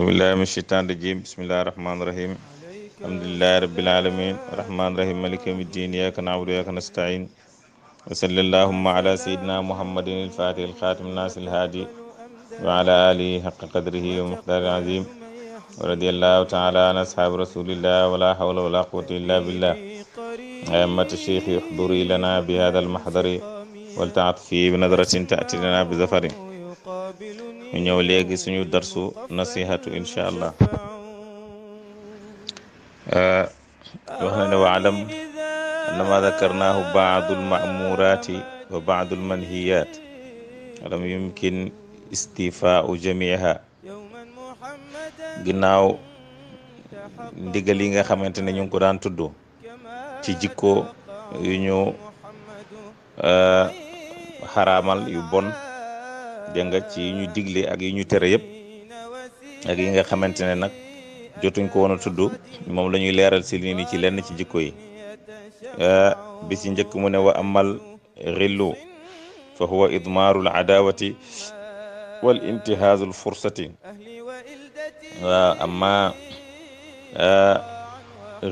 abillahi min sheitan rajim bismillahi rahmani rahim alhamdulillahi rabbil alamin rahmani rahim maliki yawmi din iyyaka na'budu wa iyyaka nasta'in wa sallallahu ala sayyidina muhammadin al-fatih al-khatim an-nas al-hadi wa ala alihi haqqa qadrihi wa miqdarihi al-azim wa radiyallahu ta'ala an ashab rasulillah wa la hawla wa la quwwata illa billah ayammat shaykh yuhduri lana bi hadha al-mahdari wal ta'atfi bi nadratin ta'ti lana bi zafari ñu ñëw léegi suñu darsu nasihatu incha allah euh, wax na ne waalam annama dakarnaahu baadul maamuraati wa baadul manhiyaat walam yumkin istifaau jamiha ginnaaw ndigal yi nga xamante ne ñu ngi ko daan tudd ci jikko yu ñu euh, xaraamal yu bon dégg nga ci yi ñu digle ak yi ñu tere yëpp ak yi nga xamante ne nag jotuñ ko woon a moom la leeral si lii ci lenn ci jikko yi euh, bi ci njëkk mu ne wa amal xillu fa huwa idmaaru l adawati wal intihaazu fursati amma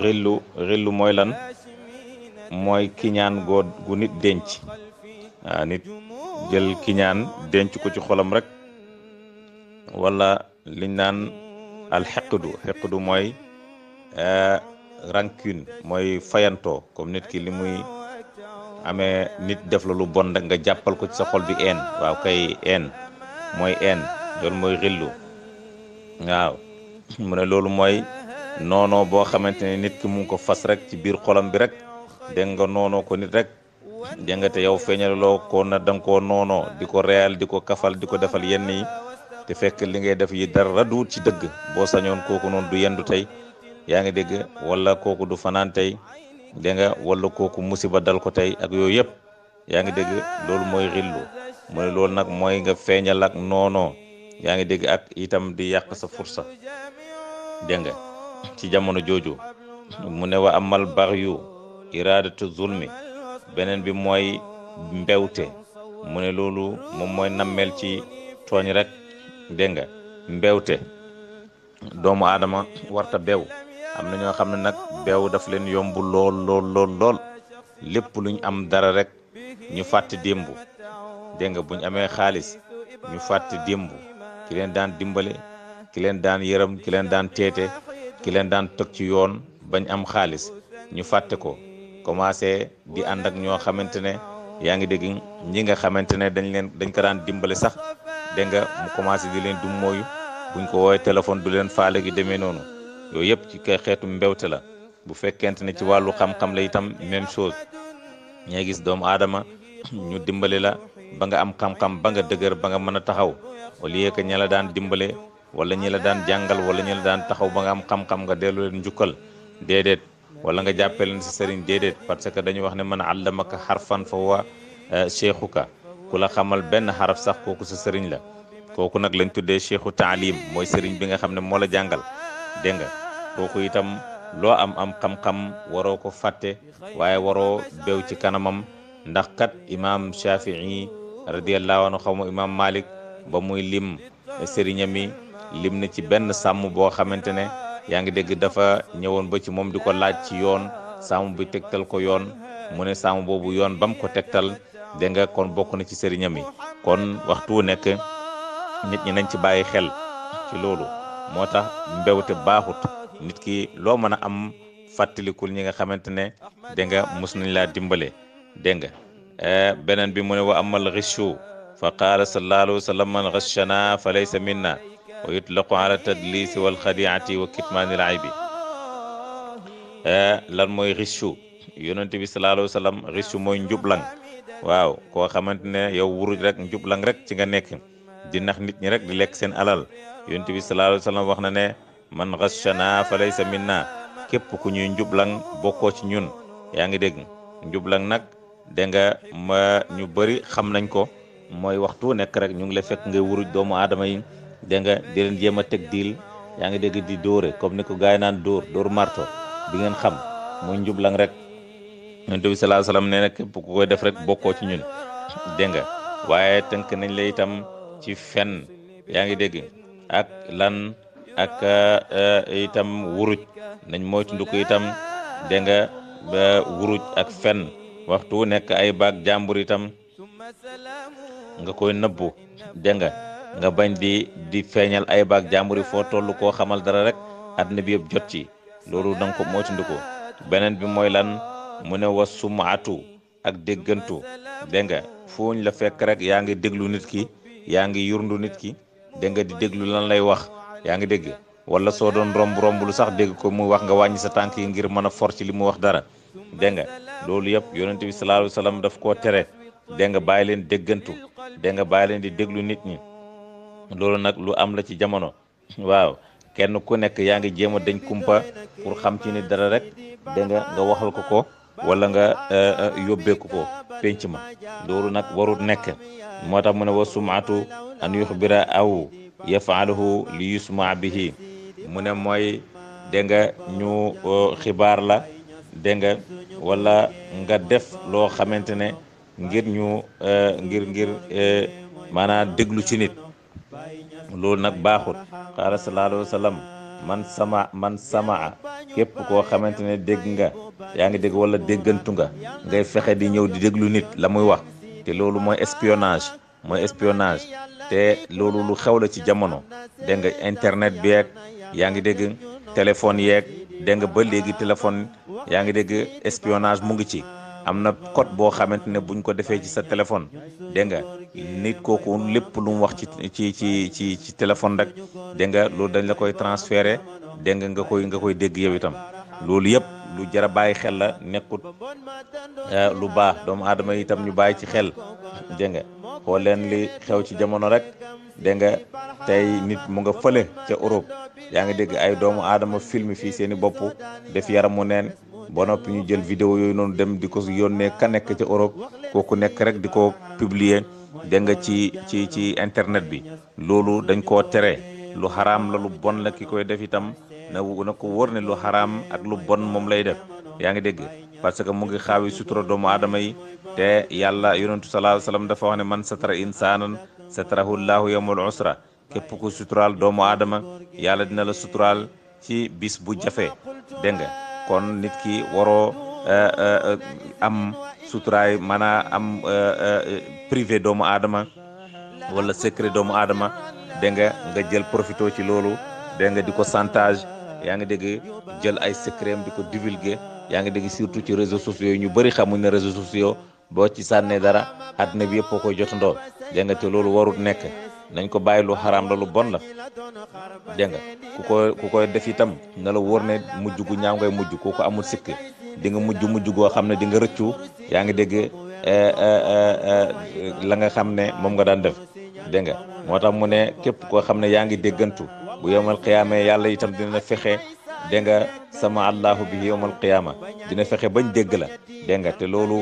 xillu euh, xillu mooy lan mooy kiñaan goo gu nit denc waaw nit jël kiñaan denc ko ci xolam rek wala liñ naan alxeqdu xeqdu mooy eh, rancune mooy fayantoo comme nit ki li muy amee nit def lalu bon rek nga jàppal ko ci sa xol bi een waaw kay een mooy een loolu mooy xillu waaw mu ne loolu mooy noonoo boo xamante ne nit ki mu ko fas rek ci biir xolam bi rek dégg nga noonoo ko nit rek jàngate yow feeñaloo ko na danga koo noonoo di ko reyal di ko kafal di ko defal yenn yi te fekk li ngay def yi dara du ci dëgg boo sañoon kooku noonu du yendu tey yaa ngi dégg wala kooku du fanaan tey dégg nga wala kooku musiba dal ko tey ak yooyu yëpp yaa ngi dégg loolu mooy xillu mu ne loolu nag mooy nga feeñal ak noonoo yaa ngi dégg ak itam di yàq sa fursa dégg nga ci jamono jooju mu ne wa amal bax yu iraadatu zulmi beneen bi mooy mbewte mu ne loolu moom mooy nammeel ci tooñ rekk dégg nga mbewte doomu aadama warta bew am na ñoo xam ne nag beew daf leen yomb lool lool lool lool lépp luñ am dara rek ñu fàtte démb dégg nga buñ amee xaalis ñu fàtte démb ki leen daan dimbale ki leen daan yërëm ki leen daan teete ki leen daan tëg ci yoon bañ am xaalis ñu fàtte ko commencé di ànd ak ñoo xamante ne yaa ngi dégg ñi nga xamante ne dañ leen dañ ko daan dimbale sax dégg nga mu commencé di leen du mooy buñ ko woowee téléphone du leen faale gi demee noonu yooyu yëpp ci ka xeetu mbewte la bu fekkente ne ci wàllu xam-xam la itam même chose ñee gis doomu aadama ñu dimbale la ba nga am xam-xam ba nga dëgër ba nga mën a taxaw au que ña la daan dimbale wala ñi la daan jàngal wala ñi daan taxaw ba nga am xam-xam leen njukkal déedéet wala nga jàppee leen sa sëriñ déedéet parce que dañu wax ne man allamaka xarfan fa huwa euh, cheikhuka ku la xamal benn xaraf sax kooku sa sëriñ la kooku nag lañ tuddee cheikhu taalim mooy sëriñ bi nga xam ne moo la jàngal dégg nga kooku itam loo am am xam-xam waroo ko fàtte waaye waroo beew ci kanamam ndax kat imaam Shafii radiallahu anhu xaw ma imaam Malik ba muy lim sëriñam yi lim na ci benn sàmm boo xamante ne yaa ngi dégg dafa ñëwoon ba ci moom di ko laaj ci yoon saamu bi tegtal ko yoon mu ne saamu boobu yoon bam ko tegtal dégg nga kon bokk na ci sëriñam yi kon waxtu wu nekk nit ñi nañ ci bàyyi xel ci loolu moo tax mbewte baaxut nit ki loo mën a am fàttalikul ñi nga xamante ne dégg nga nañ laa dimbale dégg nga eh, beneen bi mu ne am amal richu fa qaala sallallahu alayhi wa sallam man ghashana fa laysa minna wa yutlaqu ala tadlisi wal xadiati wa kitmaanil aybi lan mooy richu yonent bi sallallahu alayhi wa sallam richu mooy njublang waaw koo xamante ne yow wuruj rek njublang rek ci nga nekk di nax nit ñi rek di lekk seen alal yonent bi sallallahu alayhi wa sallam wax na ne man ghashana fa laysa minna képp ku ñuy njublang bokkoo ci ñun yaa ngi dégg njublang nag dégg ma ñu bari xam nañ ko mooy waxtu nekk rek ñu ngi la fekk ngay wuruj doomu aadama yi dégg nga di jéem a teg diil yaa ngi dégg di dóore comme ni ko gaay naan dóor dóor marto bi ngeen xam muy njublang rek yonent bi sallallahu alayhi wasallam nee na képp koy def rek bokkoo ci ñun dégg nga waaye tënk nañ la itam ci fen yaa ngi dégg ak lan ak eh, itam wuruj nañ moytu ko itam dénga nga ak fen waxtu nekk ay baag jàmbur itam nga koy nëbbu dégg nga nga bañ di di feeñal ay baag jàmbur foo toll koo xamal dara rek àdduna bi yëpp jot ci loolu moo nga ko beneen bi mooy lan mu ne wa sumaatu ak déggantu dégg nga fooñ la fekk rek yaa ngi déglu nit ki yaa ngi yurndu nit ki dégg nga di déglu lan lay wax yaa ngi dégg wala soo doon romb romb lu sax dégg ko muy wax nga wàññi sa tànk yi ngir mën a for li mu wax dara dégg nga loolu yëpp yonent bi sallallahu alayhi wa sallam daf koo tere denga nga bàyyi leen déggantu dégg nga bàyyi leen di déglu nit ñi loolu nag lu am la ci jamono waaw kenn ku nekk yaa ngi jéem a dañ kumpa pour xam ci ni dara rek da nga nga waxal ko ko wala nga euh, euh, yóbbee ko ko penc ma loolu nag warut nekk moo tax mu ne wa sumaatu an yuxbira aw yafaaluhu li yusmaa bihi mu ne mooy dégg ñu euh, xibaar la dégg nga wala nga def loo xamante ne ngir ñu ngir ngir maanaam déglu ci loolu nag baaxut qaala sallallahu alayhi man sama man sama man képp koo xamante ne dégg nga yaa ngi dégg wala déggantu nga ngay fexe di ñëw di déglu nit la muy wax te loolu mooy espionnage mooy espionnage te loolu lu xew la ci jamono dégg nga internet bi yeeg yaa ngi dégg téléphone yeeg dégg nga ba léegi téléphone yaa ngi dégg espionnage mu ngi ci am na code boo xamante ne buñ ko defee ci sa téléphone dégg nga nit kooku lépp lum wax ci ci ci ci ci téléphone rek dégg nga dañ la koy transféré dégg nga nga koy nga koy dégg yow itam loolu yëpp lu jar a bàyyi xel la nekkut euh, lu baax doomu aadama itam ñu bàyyi ci xel dégg nga xool leen li xew ci jamono rek dégg nga tey nit mu nga fële ca Europe yaa ngi dégg ay doomu aadama film fi seeni i bopp def mu neen ba noppi ñu jël vidéo yooyu noonu dem di ko yónnee ka nekk ca Europe kooku nekk rek di ko publier dégg nga ci ci ci internet bi loolu dañ ko tere lu xaraam la lu bon la ki koy def itam na na ko wóor ne lu xaraam ak lu bon moom lay def yaa ngi dégg parce que mu ngi xaawi sutura doomu aadama yi te yàlla yonentu sallallahu alayhi wasallam dafa wax ne man satara insaanan satarahu llahu yawmal usra képp ku suturaal doomu aadama yàlla dina la suturaal ci bis bu jafee dégg nga kon nit ki waroo eh, eh, eh, am suturaay mën a am privé doomu aadama wala secret doomu aadama dégg nga nga jël profito ci loolu dégg nga di ko chantage yaa ngi dégg jël ay secret di ko divulguer yaa ngi dégg surtout ci réseaux sociaux yi ñu bëri xamuñ na réseaux sociaux boo ci sànnee dara àddina bi yëpp koo koy jotandoo dégg nga te loolu warut nekk nañ ko bàyyi lu xaraam la lu bon la dégg nga ku ko ku koy def itam na la wóor ne mujj gu ñaaw ngay mujj ku ko amul sikk di nga mujj mujj goo xam ne di nga rëccu yaa ngi dégg eh, eh, eh, la nga xam ne moom nga daan def dégg nga moo tax mu ne képp koo xam ne yaa ngi déggantu bu yomal xiyaama yàlla itam dina fexe dégg nga sama allahu bi yomal xiyaama dina fexe bañ dégg la dégg nga te loolu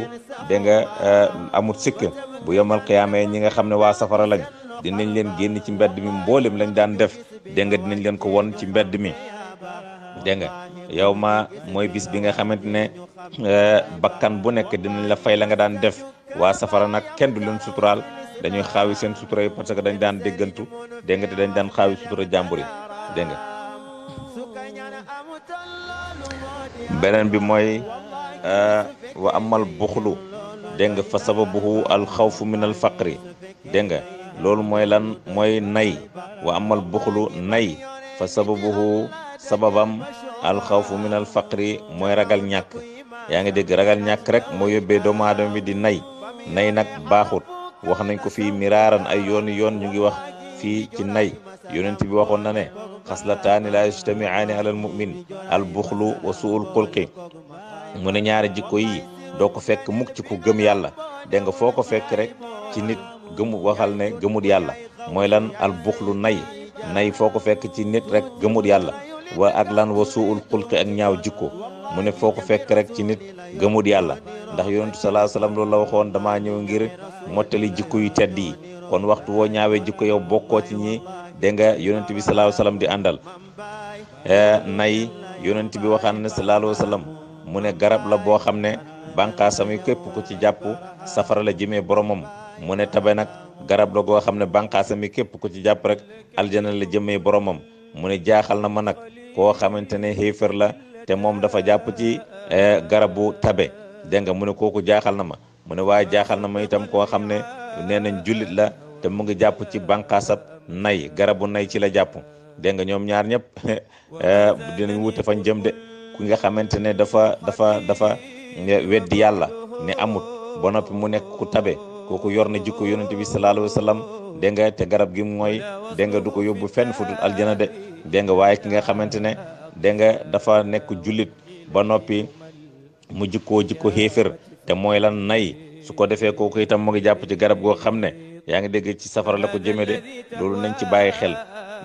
dégg nga amul sikk bu yomal xiyaama ñi nga xam ne waa safara lañ dinañ leen génn ci mbedd mi mboolem lañ daan def dégg nga dinañ leen ko won ci mbedd mi dégg nga yow ma mooy bis bi nga xamante ne euh, bakkan bu nekk dinañ la fay la nga daan def waa safara nag kenn du leen suturaal dañuy xawi seen sutura yi parce que dañ daan déggantu dégg nga te dañ daan xaawi sutura jàmbur yi dégg nga beneen bi mooy euh, wa amal buxlu dégg nga fa sababuhu al xawfu min al faqri dégg nga loolu mooy lan mooy nay wa amal buxlu nay fa sababuhu sababam alxawfu min al faqri mooy ragal ñàkk yaa ngi dégg ragal ñàkk rek moo yóbbee doomu aadama bi di nay nay nag baaxut wax nañ ko fii miraaran ay yoon yoon ñu ngi wax fii ci nay yonent bi waxoon na ne xaslataani laa yajtamiaani alal mumin al buxlu wa suul xulqi mu ne ñaari jikko yi doo ko fekk mukk ci ku gëm yàlla dégg foo ko fekk rek ci nit gëmu waxal ne gëmut yàlla mooy lan al buxlu nay nay foo ko fekk ci nit rek gëmut yàlla wa ak lan wa suul xulqi ak ñaaw jikko mu ne foo ko fekk rek ci nit gëmut yàlla ndax yonentu salaa salaam loolu la waxoon damaa ñëw ngir mottali jikko yu tedd yi kon waxtu woo ñaawee jikko yow bokkoo ci ñi denga nga yonent bi salaa salaam di àndal eh, nay yonent bi waxaan ne salaa salaam mu ne garab la boo xam ne bànqaasam yi képp ko ci jàpp safara la jëmee boromam mu ne tabe nag garab la goo xam ne bànqaasa mi képp ku ci jàpp rek aljana la jëmee boromam mu ne jaaxal na ma nag koo xamante ne la te moom dafa jàpp ci eh, garabu tabe dégg nga mu ne kooku jaaxal na ma mu ne waaye jaaxal na ma itam koo xam ne nee nañ jullit la te mu ngi jàpp ci bànqaasab nay garabu nay ci la jàpp dégg nga ñoom ñaar ñëpp eh, dinañ wute fañ jëm de ku nga xamante ne dafa dafa dafa eh, weddi yàlla ne amut ba noppi mu nekk ku tabe kooku yor na jikko yonente bi sallallahu alayhi wa sallam dégg te garab gi mooy dégg du ko yóbbu fenn fu dul aljana de dégg nga waaye ki nga xamante ne dégg dafa nekk jullit ba noppi mu jikkoo jikko xéefér te mooy lan nay su ko defee kooku itam mu ngi jàpp ci garab goo xam ne yaa ngi dégg ci safara la ko jëme de loolu nañ ci bàyyi xel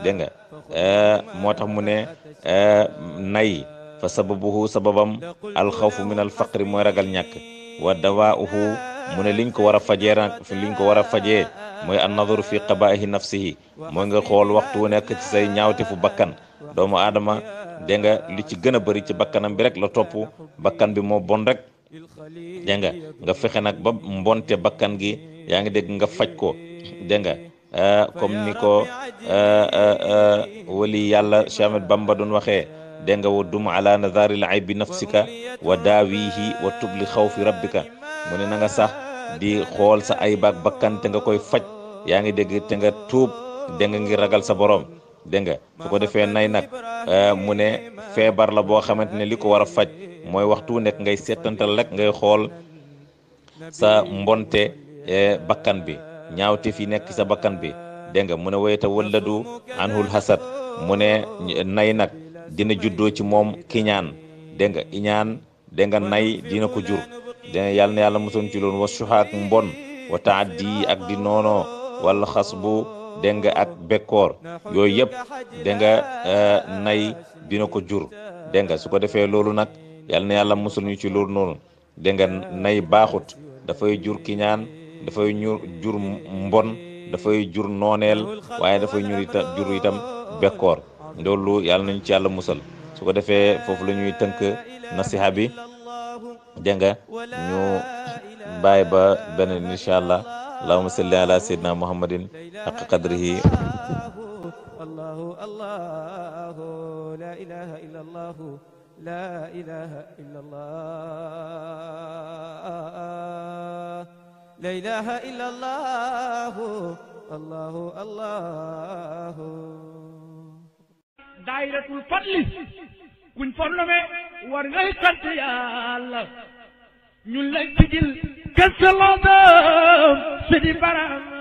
dégg nga eh, moo tax mu ne eh, nay fa sababuhu sababam alxawfu min alfaqri mooy ragal ñàkk wa dawauhu mu ne liñ ko war a fajee nag liñ ko war a fajee mooy an nadaru fi qabaahi nafsihi mooy nga xool waxtu wu nekk ci say ñaawte fu bakkan doomu aadama dégg nga li ci gën a bëri ci bakkanam bi rek la topp bakkan bi moo bon rek dégg nga fexe nag ba mbonte bakkan gi yaa ngi dégg nga faj ko dégg nga euh, comme ni ko euh, euh, wali yàlla Cheikh Ahmadou Bamba doon waxee dégg nga wa dum ala nazaril aybi nafsika wa daawihi wa tubli fi rabbika mu ne na nga sax di xool sa ay baak bakkan te nga koy faj yaa ngi dégg te nga tuub dégg nga ngi ragal sa borom dégg nga su ko defee nay nag euh, mu ne feebar la boo xamante ne li ko war a faj mooy waxtu nekk ngay seetantal rek ngay xool sa mbonte euh, bakkan bi ñaawte fi nekk sa bakkan bi dégg nga mu ne wayta walladu anhul hasad mu ne nay nag dina juddoo ci moom kiñaan dégg nga iñaan dégg nga nay dina ko jur dina yàlla na yàlla mosoon ci loolu wa suxaak mbon wa taaddi ak di noonoo wala xas bu dégg nga ak bekkoor yooyu yëpp dégg nga eh, nay dina ko jur dégg nga su ko defee loolu nag yàlla na yàlla mosul ñu ci loolu noonu dégg nga nay baaxut dafay jur kiñaan dafay ñur jur mbon dafay jur nooneel waaye dafay ñur itam jur itam bekkoor loolu yàlla nañu ci yàlla musal su ko defee foofu la tënk nasiha bi dégg nga ñu bàyyi ba beneen incha allah allahumma salli ala sayyidina muhammadin haqqa qadrihi allahu allahu la ilaha illa allahu la ilaha illa allah la ilaha illa allahu allahu allahu dairatul fadli kuñ formé war ngay sant yàlla ñun lañ ci jël kese loo doon si di baram